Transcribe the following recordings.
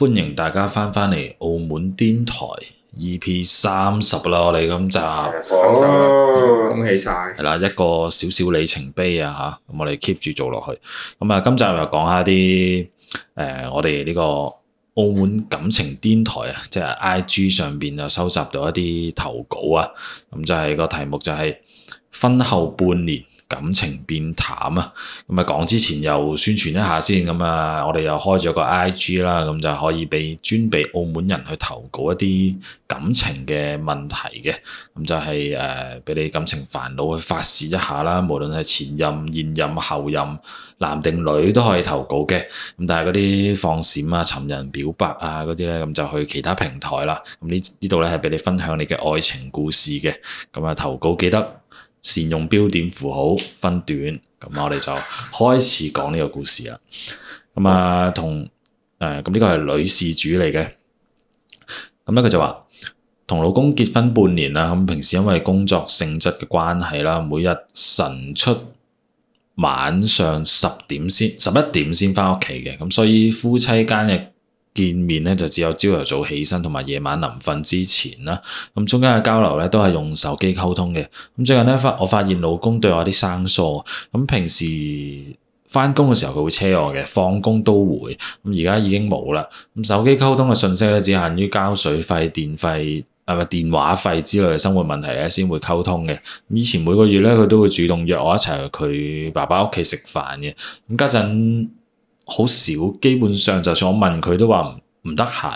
歡迎大家翻返嚟澳門癲台 E P 三十啦，我哋今集，哦嗯、恭喜曬，係啦一個少少里程碑啊嚇，咁我哋 keep 住做落去。咁啊，今集又講下啲誒、呃，我哋呢個澳門感情癲台啊，即係 I G 上邊就，收集到一啲投稿啊，咁就係個題目就係婚後半年。感情變淡啊！咁啊，講之前又宣傳一下先咁啊，我哋又開咗個 IG 啦，咁就可以俾專俾澳門人去投稿一啲感情嘅問題嘅，咁就係誒俾你感情煩惱去發洩一下啦，無論係前任、現任、後任，男定女都可以投稿嘅，咁但係嗰啲放閃啊、尋人表白啊嗰啲咧，咁就去其他平台啦。咁呢呢度咧係俾你分享你嘅愛情故事嘅，咁啊投稿記得。善用標點符號分段，咁我哋就開始講呢個故事啦。咁啊同誒咁呢個係女事主嚟嘅，咁咧佢就話同老公結婚半年啦，咁平時因為工作性質嘅關係啦，每日晨出晚上十點先十一點先返屋企嘅，咁所以夫妻間嘅見面咧就只有朝頭早起身同埋夜晚臨瞓之前啦，咁中間嘅交流咧都係用手機溝通嘅。咁最近咧發我發現老公對我啲生疏，咁平時返工嘅時候佢會車我嘅，放工都會，咁而家已經冇啦。咁手機溝通嘅信息咧只限於交水費、電費係咪電話費之類嘅生活問題咧先會溝通嘅。以前每個月咧佢都會主動約我一齊去佢爸爸屋企食飯嘅，咁家陣，好少，基本上就算我問佢都話唔得閒，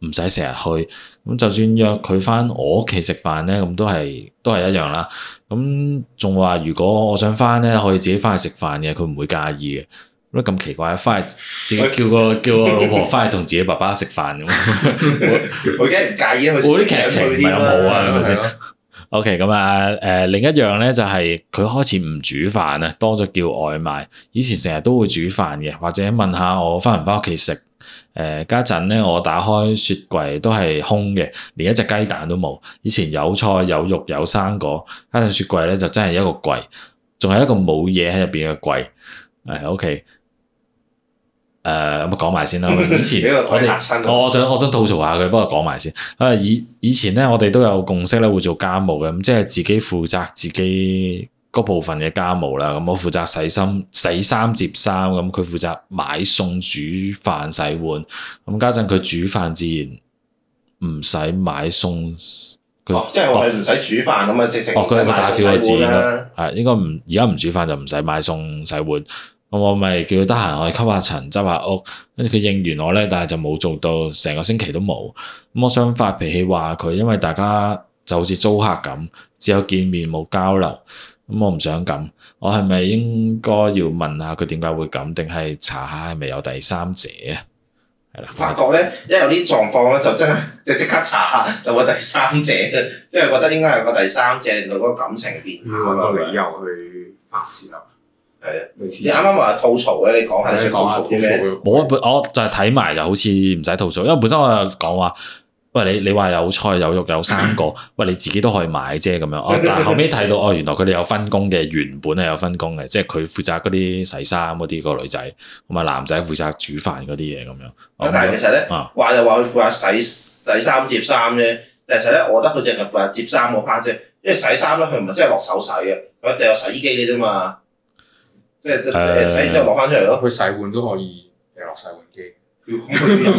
唔使成日去。咁就算約佢翻我屋企食飯呢，咁都係都係一樣啦。咁仲話如果我想翻呢，可以自己翻去食飯嘅，佢唔會介意嘅。乜咁奇怪？翻去自己叫個、哎、叫個老婆翻去同自己爸爸食飯咁，我梗係唔介意啊。我啲劇情啲，有冇啊，係咪先？OK，咁啊，誒另一樣咧就係、是、佢開始唔煮飯啦，多咗叫外賣。以前成日都會煮飯嘅，或者問下我翻唔翻屋企食。誒家陣咧，我打開雪櫃都係空嘅，連一隻雞蛋都冇。以前有菜有肉有生果，家陣雪櫃咧就真係一個櫃，仲係一個冇嘢喺入邊嘅櫃。誒、uh, OK。誒，咁講埋先啦。以前我哋，我我想我想吐槽下佢，不過講埋先。因為以以前咧，我哋都有共識咧，會做家務嘅。咁即係自己負責自己嗰部分嘅家務啦。咁我負責洗心、洗衫、接衫。咁佢負責買餸、煮飯、洗碗。咁家陣佢煮飯自然唔使買餸、哦。即係佢唔使煮飯咁樣，即係哦。佢個打小我知啦。啊，應該唔而家唔煮飯就唔使買餸洗碗。我咪叫佢得閒，我去吸下塵、執下屋，跟住佢應完我咧，但係就冇做到，成個星期都冇。咁、嗯、我想發脾氣話佢，因為大家就好似租客咁，只有見面冇交流。咁我唔想咁，我係咪應該要問下佢點解會咁，定係查下係咪有第三者啊？係啦，發覺咧，一有啲狀況咧，就真係就即刻查下有冇第三者。即、就、係、是、覺得應該係個第三者，那個嗰感情變淡啦。嗯、揾個理由去發洩啦。係啊，你啱啱話吐槽嘅，你講下你講熟啲咩？我我就係睇埋就好似唔使吐槽，因為本身我講話喂，你你話有菜有肉有三個， 喂，你自己都可以買啫咁樣。但後尾睇到哦，原來佢哋有分工嘅，原本係有分工嘅，即係佢負責嗰啲洗衫嗰啲個女仔，咁咪男仔負責煮飯嗰啲嘢咁樣。但係其實咧話又話佢負責洗洗衫、接衫啫。但其實咧，我覺得佢淨係負責接衫嗰 part 啫，因為洗衫咧佢唔係真係落手洗嘅，佢一定有洗衣機嘅啫嘛。即係即係洗之後攞翻出嚟咯。佢的洗碗都可以誒，落洗碗機。冇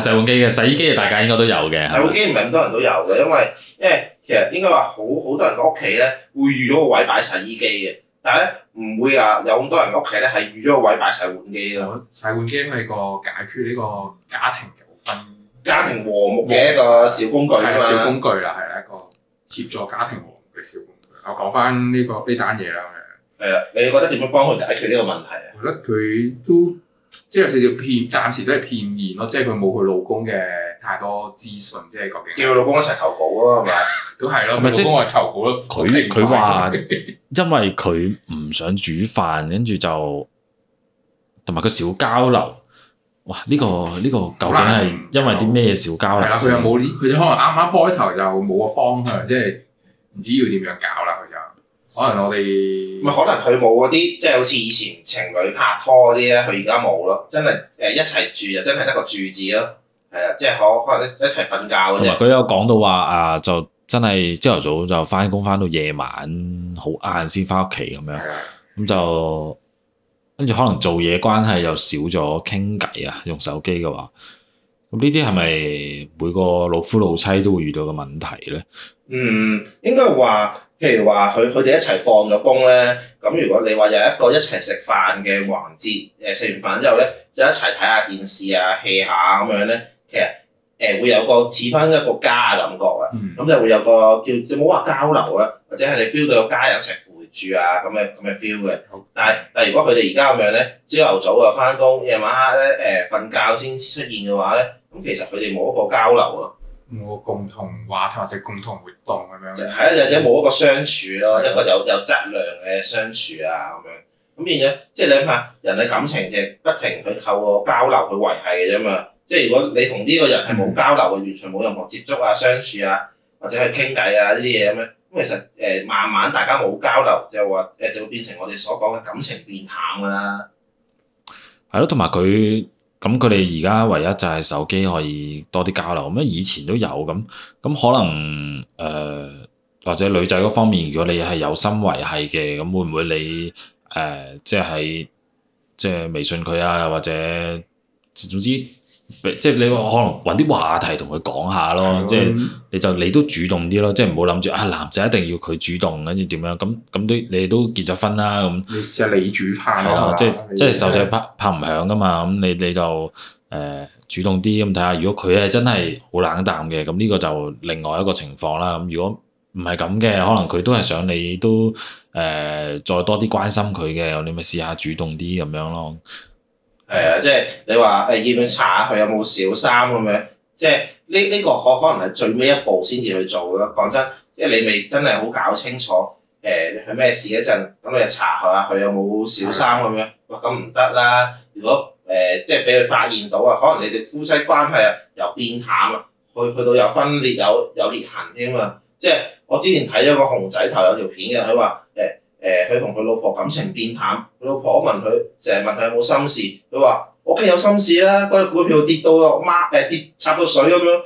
洗碗機嘅，洗衣機大家應該都有嘅。洗碗機唔係咁多人都有嘅，因為因為其實應該話好好多人屋企咧，會預咗個位擺洗衣機嘅。但係咧唔會啊，有咁多人屋企咧係預咗個位擺洗碗機嘅。洗碗機係個解決呢個家庭糾紛、家庭和睦嘅一個小工具啊嘛、嗯。小工具啦，係一個協助家庭和睦嘅小工具。我講翻呢個呢單嘢啦。係啊，你覺得點樣幫佢解決呢個問題啊？我覺得佢都即係有少少偏，暫時都係片面咯。即係佢冇佢老公嘅太多資訊，即係究竟叫佢老公一齊投稿啊？係咪 啦？都係咯，佢老公係投稿咯。佢佢話因為佢唔想煮飯，跟住就同埋佢少交流。哇！呢、呢個呢、呢個究竟係因為啲咩少交流？係啦、嗯，佢又冇呢，佢就可能啱啱開頭就冇個方向， 即係唔知要點樣搞啦。佢就。可能我哋唔、嗯、可能佢冇嗰啲，即係好似以前情侶拍拖嗰啲咧，佢而家冇咯。真係誒一齊住就真係得個住字咯。係啊，即係可可能一一齊瞓覺。佢有講到話啊，就真係朝頭早就翻工，翻到夜晚好晏先翻屋企咁樣。咁就跟住可能做嘢關係又少咗傾偈啊，用手機嘅話，咁呢啲係咪每個老夫老妻都會遇到嘅問題咧？嗯，應該話。譬如話佢佢哋一齊放咗工咧，咁如果你話有一個一齊食飯嘅環節，誒食完飯之後咧，就一齊睇下電視啊、hea 下啊咁樣咧，其實誒、呃、會有個似翻一個家嘅感覺啊。咁就、嗯、會有個叫冇話交流啊，或者係你 feel 到個家人一齊陪住啊咁嘅咁嘅 feel 嘅。好，但係但係如果佢哋而家咁樣咧，朝頭早啊翻工，夜晚黑咧誒瞓覺先出現嘅話咧，咁其實佢哋冇一個交流啊。冇共同話題或者共同活動咁樣，係啊、就是，或者冇一個相處咯，嗯、一個有有質量嘅相處啊，咁、嗯、樣咁變咗，即係你諗下，人嘅感情就不停去透過交流去維繫嘅啫嘛。即係如果你同呢個人係冇交流嘅，嗯、完全冇任何接觸啊、相處啊，或者去傾偈啊呢啲嘢咁樣，咁其實誒慢慢大家冇交流，就係話誒就會變成我哋所講嘅感情變淡㗎啦。係咯、嗯，同埋佢。咁佢哋而家唯一就係手機可以多啲交流，咁啊以前都有咁，咁可能誒、呃、或者女仔嗰方面，如果你係有心維係嘅，咁會唔會你誒、呃、即係即係微信佢啊，或者總之。即係你話可能揾啲話題同佢講下咯，嗯、即係你就你都主動啲咯，嗯、即係唔好諗住啊男仔一定要佢主動跟住點樣，咁咁都你都結咗婚啦咁。你試下你煮飯。係、呃、啦，即係即係手仔拍拍唔響噶嘛，咁你你就誒主動啲咁睇下，如果佢係真係好冷淡嘅，咁呢個就另外一個情況啦。咁如果唔係咁嘅，嗯、可能佢都係想你都誒、呃、再多啲關心佢嘅，你咪試，試下主動啲咁樣咯。係啊，即係你話誒、欸，要唔要查下佢有冇小三咁樣？即係呢呢個可可能係最尾一步先至去做咯。講真，因為你未真係好搞清楚誒，佢、欸、咩事一陣，咁你查下佢有冇小三咁樣？哇，咁唔得啦！如果誒、欸，即係俾佢發現到啊，可能你哋夫妻關係啊又變淡啊，去去到有分裂有有裂痕添啊！即係我之前睇咗個熊仔頭有條片嘅，佢話。誒，佢同佢老婆感情變淡，佢老婆問佢，成日問佢有冇心事，佢話我梗有心事啦、啊，嗰、那、啲、個、股票跌到落孖，誒、呃、跌插到水咁樣，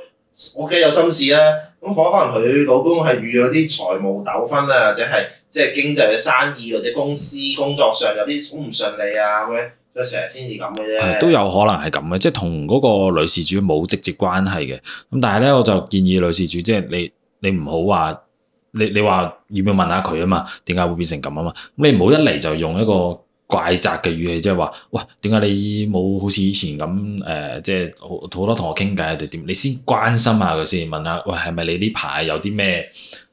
我梗有心事啦、啊。咁可能佢老公係遇咗啲財務糾紛啊，或者係即係經濟嘅生意或者公司工作上有啲好唔順利啊，佢、就是、樣，成日先至咁嘅啫。都有可能係咁嘅，即係同嗰個女事主冇直接關係嘅。咁但係咧，我就建議女事主，即係你你唔好話。你你話要唔要問下佢啊嘛？點解會變成咁啊嘛？你唔好一嚟就用一個怪責嘅語氣，即係話，喂，點解你冇好似以前咁誒、呃，即係好好多同學傾偈定點？你先關心下佢先，問下，喂，係咪你呢排有啲咩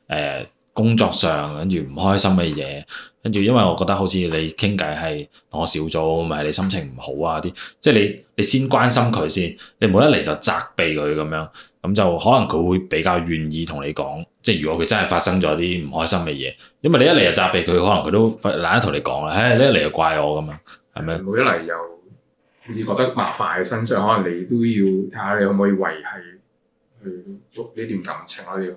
誒工作上跟住唔開心嘅嘢？跟住因為我覺得好似你傾偈係我少咗，咪係你心情唔好啊啲。即係你你先關心佢先，你唔好一嚟就責備佢咁樣。咁就可能佢會比較願意同你講，即係如果佢真係發生咗啲唔開心嘅嘢，因為你一嚟就責備佢，可能佢都懶得同你講啦。唉、哎，你一嚟就怪我咁嘛，係咪？佢一嚟又好似覺得麻煩嘅身上，可能你都要睇下你可唔可以維係去呢段感情可以去。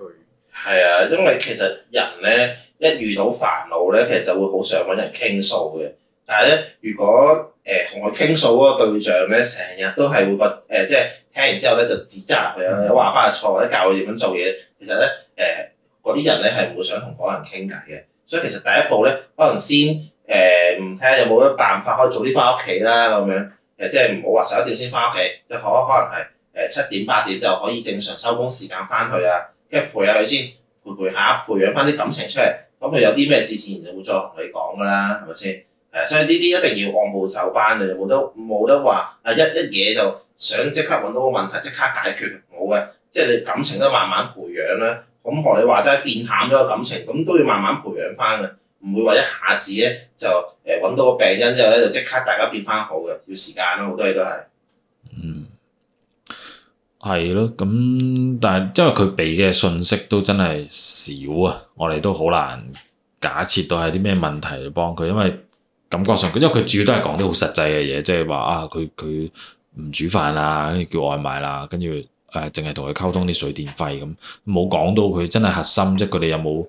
係啊，因為其實人咧一遇到煩惱咧，其實就會好想揾人傾訴嘅。但係咧，如果誒同佢傾訴嗰個對象咧，成日都係會覺誒、呃、即係。誒，然之後咧就指責佢啦，你話翻佢錯或者教佢點樣做嘢。其實咧，誒嗰啲人咧係唔會想同嗰個人傾偈嘅。所以其實第一步咧，可能先唔睇下有冇乜辦法可以早啲翻屋企啦，咁樣誒，即係唔好話十一點先翻屋企，即可可能係誒七點八點就可以正常收工時間翻去啊。跟住陪下佢先，陪着陪下，培養翻啲感情出嚟。咁佢有啲咩自然就會再同你講噶啦，係咪先？誒、呃，所以呢啲一定要按部就班嘅，冇得冇得話啊！一一嘢就～想即刻揾到個問題即刻解決好嘅，即係你感情都慢慢培養啦。咁學你話齋，變淡咗個感情，咁都要慢慢培養翻嘅，唔會話一下子咧就誒揾到個病因之後咧就即刻大家變翻好嘅，要時間咯，好多嘢都係。嗯，係咯，咁但係因為佢俾嘅信息都真係少啊，我哋都好難假設到係啲咩問題嚟幫佢，因為感覺上，因為佢主要都係講啲好實際嘅嘢，即係話啊，佢佢。唔煮飯啦，跟住叫外賣啦，跟住誒，淨係同佢溝通啲水電費咁，冇講到佢真係核心，即係佢哋有冇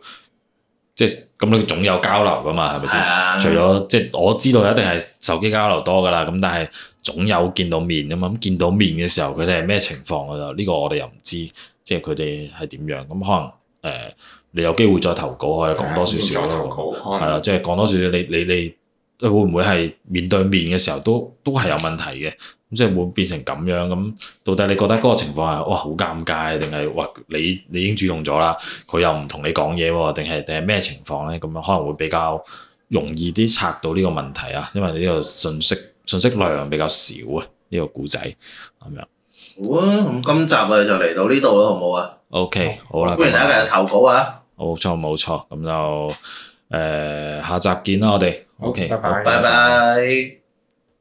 即係咁，你總有交流噶嘛，係咪先？嗯、除咗即係我知道一定係手機交流多噶啦，咁但係總有見到面啊嘛，咁見到面嘅時候佢哋係咩情況啊？呢個我哋又唔知，即係佢哋係點樣咁可能誒、呃，你有機會再投稿可以講多少少咯，係啦、嗯，即係講多少少你你你。你你會唔會係面對面嘅時候都都係有問題嘅？咁即係會變成咁樣咁？到底你覺得嗰個情況係哇好尷尬，定係哇你你已經主動咗啦？佢又唔同你講嘢，定係定係咩情況咧？咁樣可能會比較容易啲拆到呢個問題啊，因為你呢個信息信息量比較少啊，呢個故仔咁樣。好啊、哦，咁今集我哋就嚟到呢度啦，好唔好啊？OK，、哦、好啦。好好歡迎大家投稿啊！冇錯冇錯，咁就。誒、呃，下集見啦，我哋，OK，拜拜。